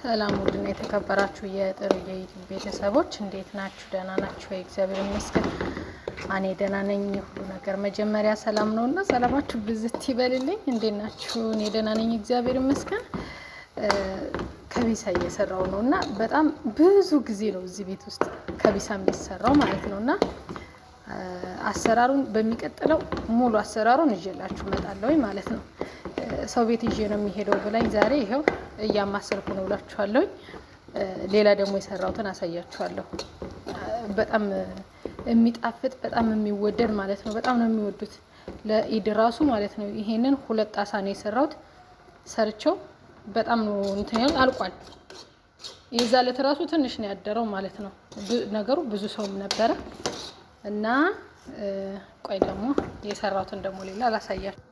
ሰላም ውድና የተከበራችሁ የጥሩ የዩቲዩብ ቤተሰቦች እንዴት ናችሁ? ደህና ናችሁ ወይ? እግዚአብሔር ይመስገን እኔ ደህና ነኝ። ሁሉ ነገር መጀመሪያ ሰላም ነው እና ሰላማችሁ ብዝት ይበልልኝ። እንዴት ናችሁ? እኔ ደህና ነኝ፣ እግዚአብሔር ይመስገን። ከቢሳ እየሰራው ነው እና በጣም ብዙ ጊዜ ነው እዚህ ቤት ውስጥ ከቢሳ የሚሰራው ማለት ነው እና አሰራሩን በሚቀጥለው ሙሉ አሰራሩን ይዤላችሁ እመጣለሁ ማለት ነው። ሰው ቤት ይዤ ነው የሚሄደው ብላኝ ዛሬ ይኸው እያማሰልኩ ነው ብላችኋለሁኝ። ሌላ ደግሞ የሰራሁትን አሳያችኋለሁ። በጣም የሚጣፍጥ በጣም የሚወደድ ማለት ነው። በጣም ነው የሚወዱት ለኢድ ራሱ ማለት ነው። ይሄንን ሁለት ጣሳ ነው የሰራሁት ሰርቸው በጣም ነው እንትን አልቋል። የዛለት ራሱ ትንሽ ነው ያደረው ማለት ነው። ነገሩ ብዙ ሰውም ነበረ እና ቆይ ደግሞ የሰራሁትን ደግሞ ሌላ አላሳያችሁ።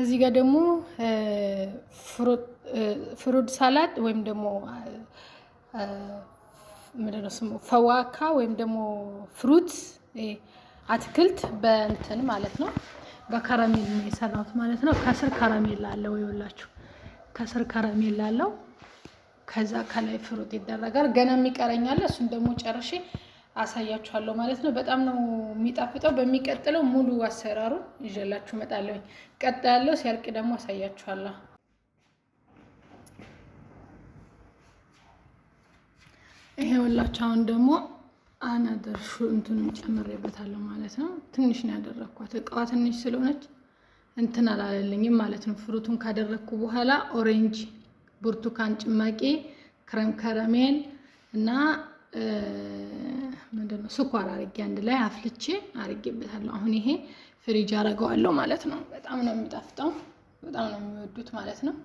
እዚህ ጋር ደግሞ ፍሩድ ሳላድ ወይም ደግሞ ምንድን ነው ስሙ ፈዋካ ወይም ደግሞ ፍሩት አትክልት በእንትን ማለት ነው። በከረሜል ነው የሰራሁት ማለት ነው። ከስር ከረሜል አለው ይኸውላችሁ፣ ከስር ከረሜል አለው። ከዛ ከላይ ፍሩት ይደረጋል። ገና የሚቀረኛለ እሱን ደግሞ ጨርሼ አሳያችኋለሁ ማለት ነው። በጣም ነው የሚጣፍጠው። በሚቀጥለው ሙሉ አሰራሩ ይዤላችሁ እመጣለሁ። ቀጥ ያለው ሲያልቅ ደግሞ አሳያችኋለሁ። ይሄ ወላችሁ አሁን ደግሞ አናደርሹ እንትኑን ጨምሬበታለሁ ማለት ነው። ትንሽ ነው ያደረግኳት እቃዋ ትንሽ ስለሆነች እንትን አላለልኝም ማለት ነው። ፍሩቱን ካደረግኩ በኋላ ኦሬንጅ፣ ብርቱካን ጭማቂ፣ ክረም ከረሜል እና ምንድነው ስኳር አርጌ አንድ ላይ አፍልቼ አርጌበታለሁ። አሁን ይሄ ፍሪጅ አረገዋለሁ ማለት ነው። በጣም ነው የሚጣፍጠው፣ በጣም ነው የሚወዱት ማለት ነው።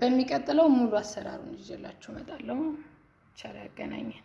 በሚቀጥለው ሙሉ አሰራሩን ይዤላችሁ እመጣለሁ። ቸር ያገናኘን።